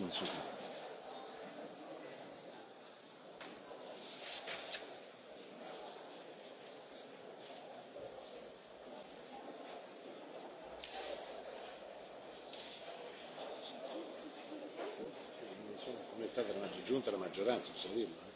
hinzufügen. come è stata la maggioranza bisogna dirlo. Eh?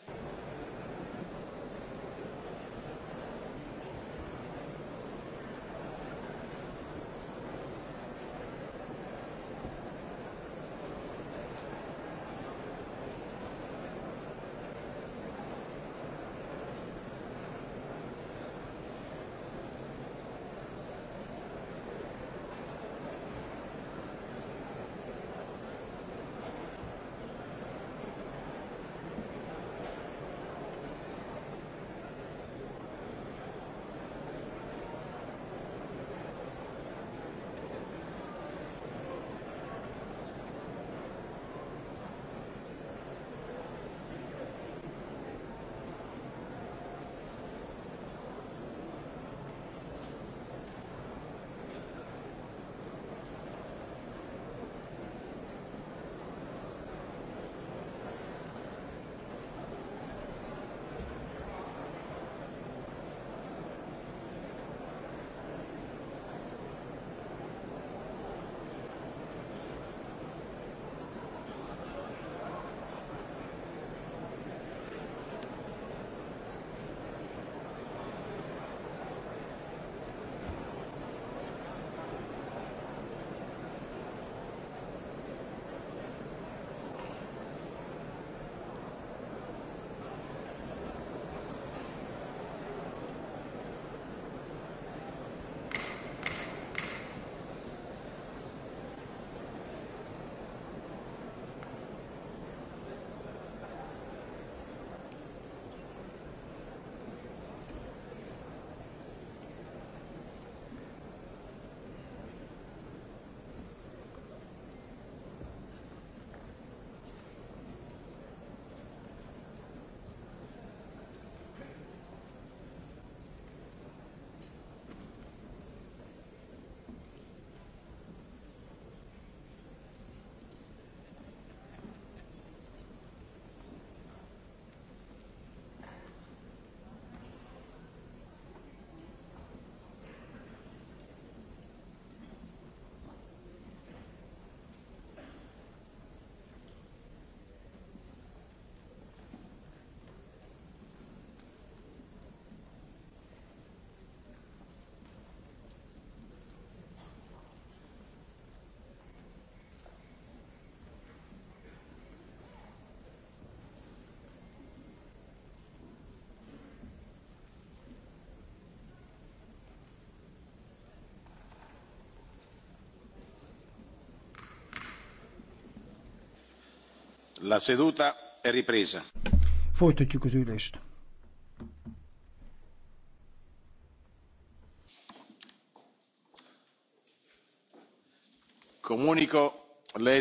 La seduta è ripresa. Folytatjuk az ülést. Comunico le...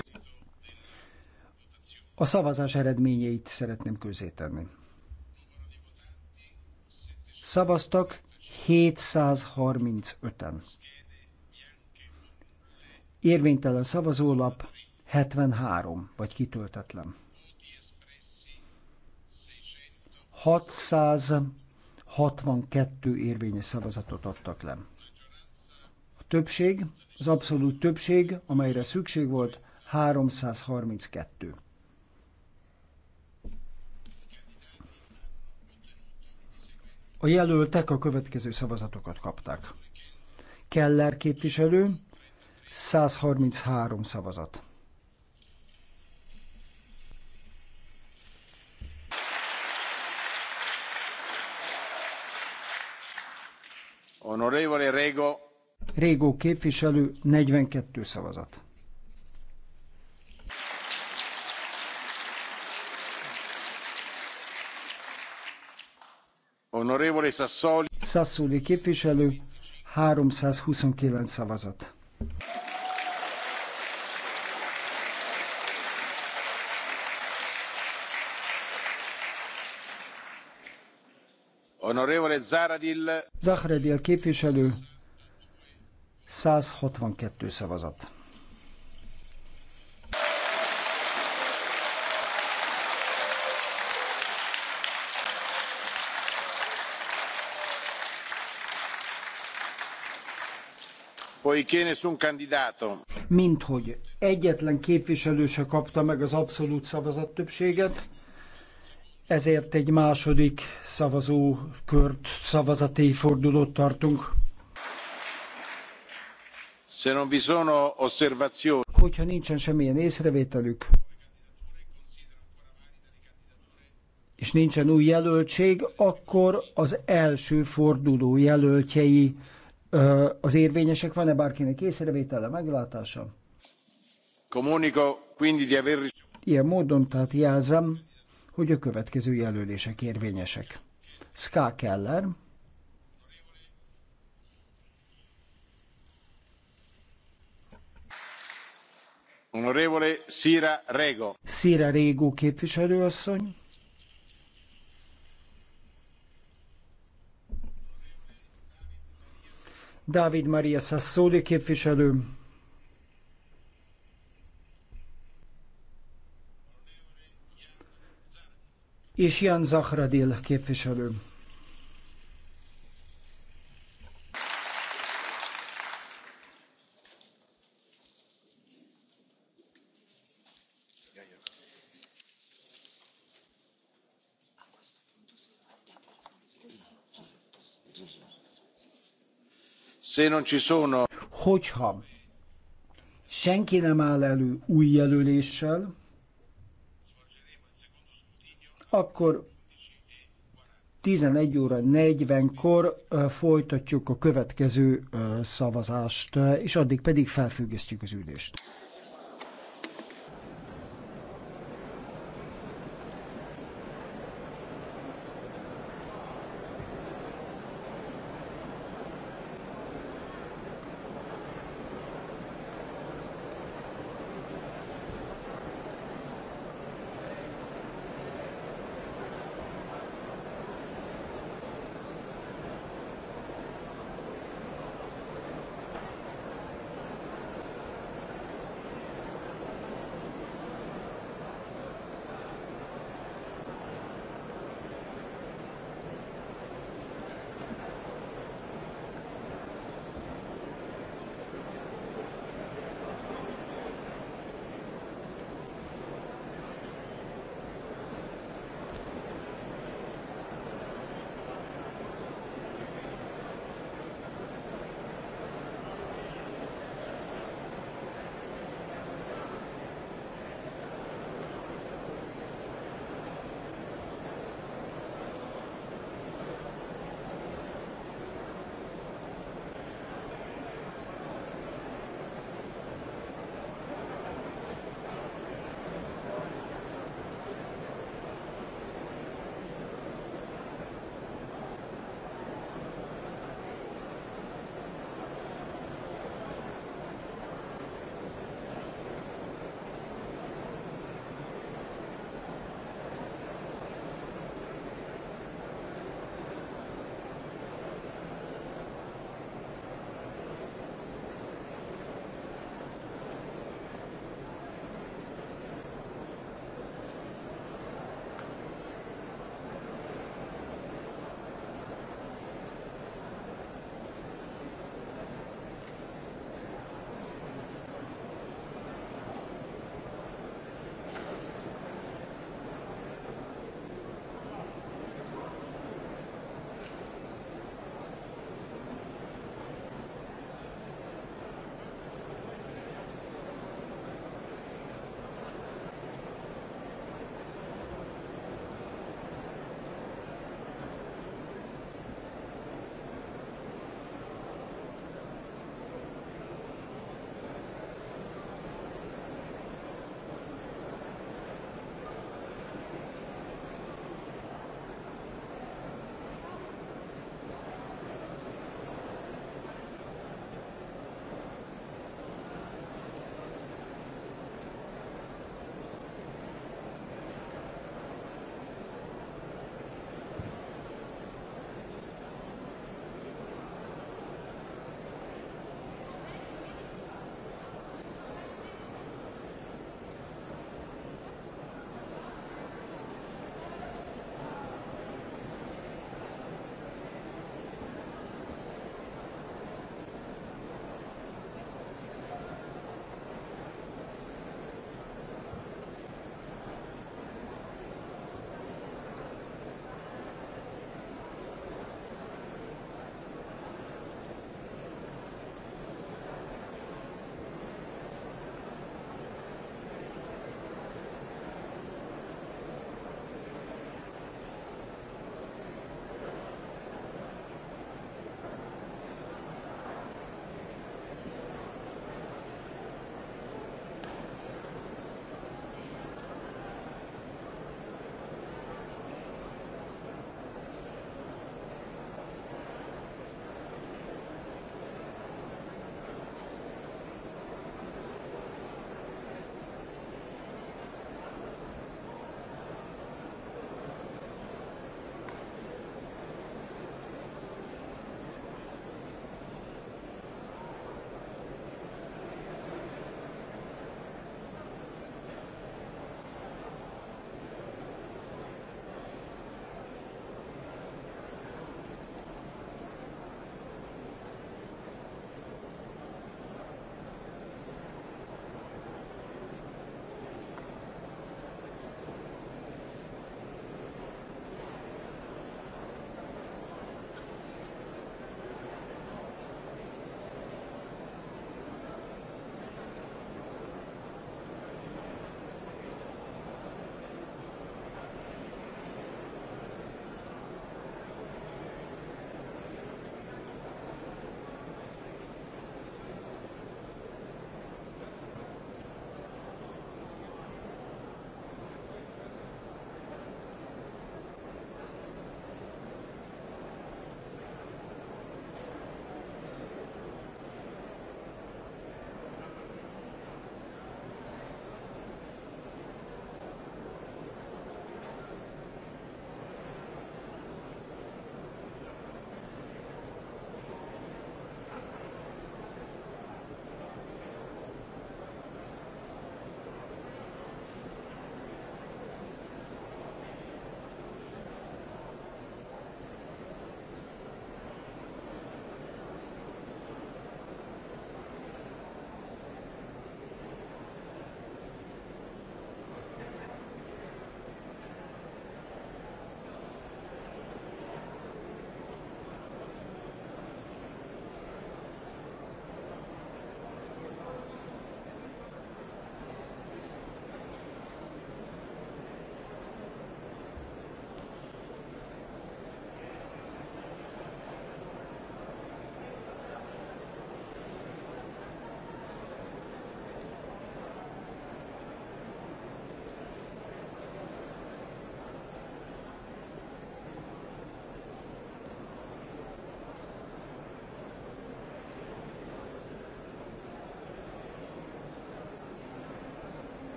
A szavazás eredményeit szeretném közzétenni. Szavaztak 735-en. Érvénytelen szavazólap 73, vagy kitöltetlen. 662 érvényes szavazatot adtak le. A többség, az abszolút többség, amelyre szükség volt, 332. A jelöltek a következő szavazatokat kapták. Keller képviselő, 133 szavazat. Honorevole Rego. Régó képviselő, 42 szavazat. Honorevole Sassoli. Sassoli képviselő, 329 szavazat. Honorevole Zahradil. képviselő, 162 szavazat. poiché nessun candidato. Minthogy egyetlen képviselő se kapta meg az abszolút szavazattöbbséget, ezért egy második szavazókört, szavazati fordulót tartunk. Se non vi sono osservazioni. Hogyha nincsen semmilyen észrevételük, és nincsen új jelöltség, akkor az első forduló jelöltjei az érvényesek. Van-e bárkinek észrevétele, meglátása? Comunico quindi di aver... Ilyen módon, tehát jelzem, hogy a következő jelölések érvényesek. Ska Keller, Honorevole Sira Rego. Sira Rego képviselőasszony. Dávid Maria Sassoli képviselő. és Jan Zahradil képviselő. Hogyha senki nem áll elő új jelöléssel, akkor 11 óra 40-kor folytatjuk a következő szavazást, és addig pedig felfüggesztjük az ülést.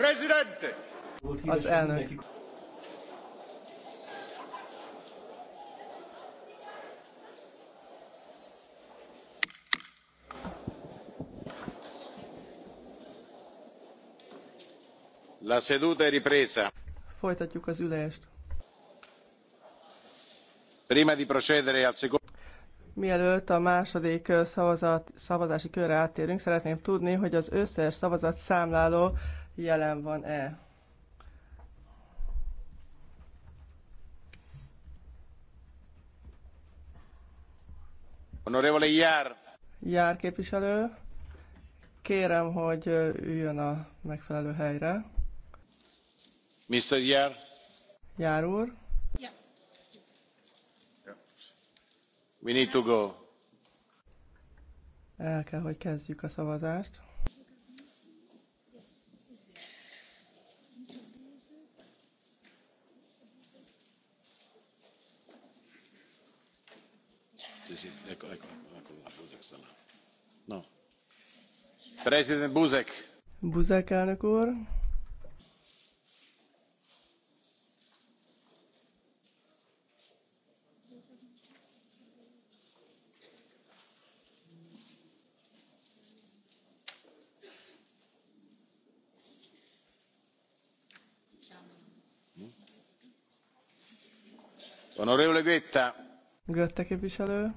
presidente! Az elnök. La seduta è ripresa. Folytatjuk az ülést. Prima di procedere al secondo Mielőtt a második szavazat, szavazási körre áttérünk, szeretném tudni, hogy az összes szavazat számláló jelen van-e. Honorevole Jár. Jár képviselő, kérem, hogy üljön a megfelelő helyre. Mr. Jár. Jár úr. We need to go. El kell, hogy kezdjük a szavazást. President Buzek. Buzek elnök úr. onorevole guetta Götte képviselő.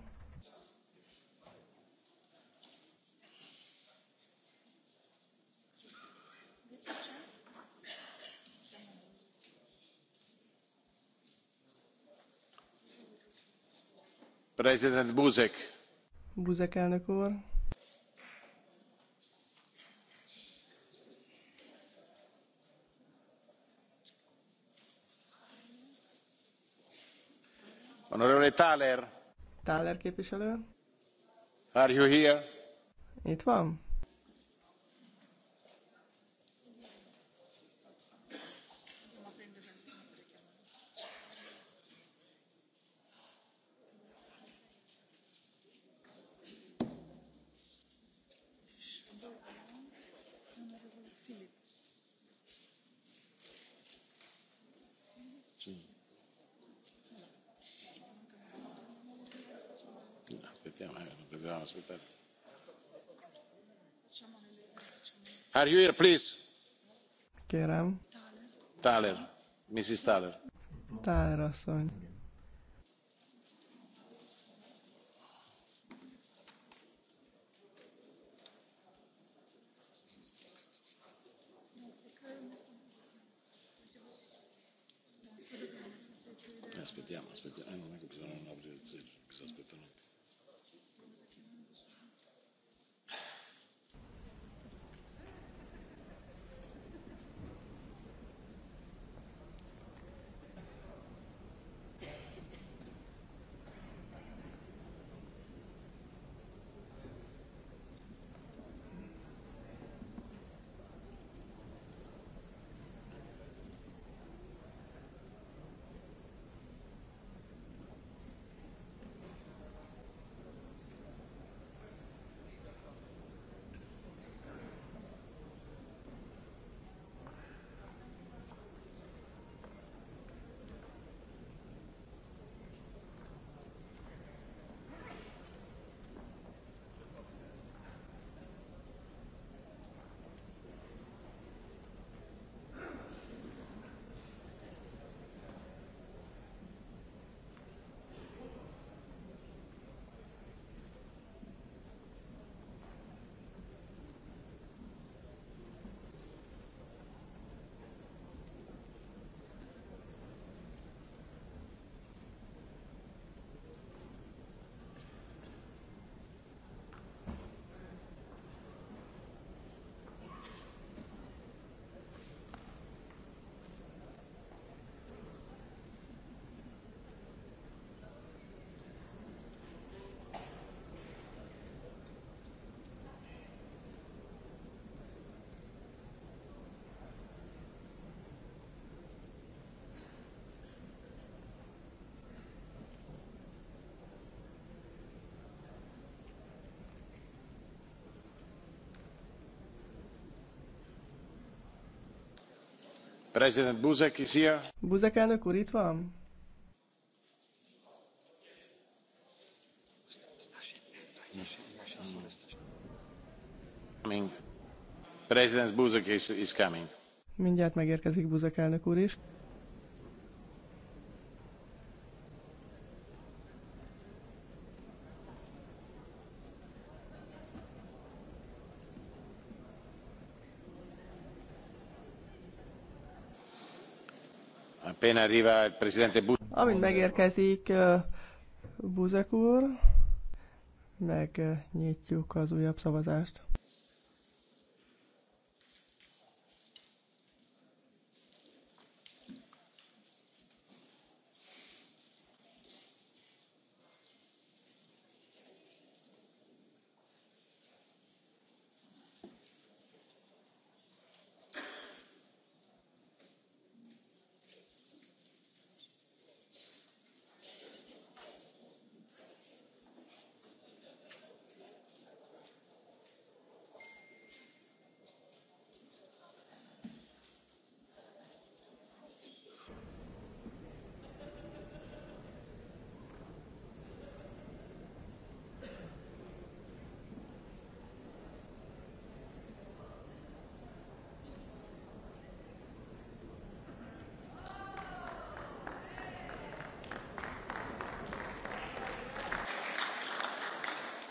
President Buzek. Buzek elnök úr. Honorable Thaler. Thaler képviselő. Are you here? Itt van. transmitted. Are you here, please? Mrs. Thaler. Thaler President Buzek is here. Buzek elnök úr itt van? President Buzek is, is coming. Mindjárt megérkezik Buzek elnök úr is. Amint megérkezik Buzek úr, megnyitjuk az újabb szavazást.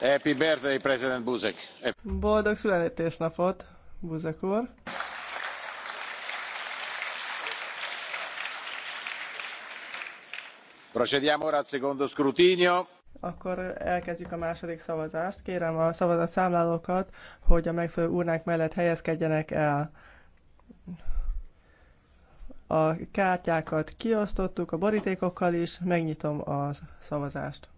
Happy birthday, President Buzek. Boldog születésnapot, Buzek úr. Procediamo ora al secondo scrutinio. Akkor elkezdjük a második szavazást. Kérem a szavazat számlálókat, hogy a megfelelő urnák mellett helyezkedjenek el. A kártyákat kiosztottuk a borítékokkal is, megnyitom a szavazást.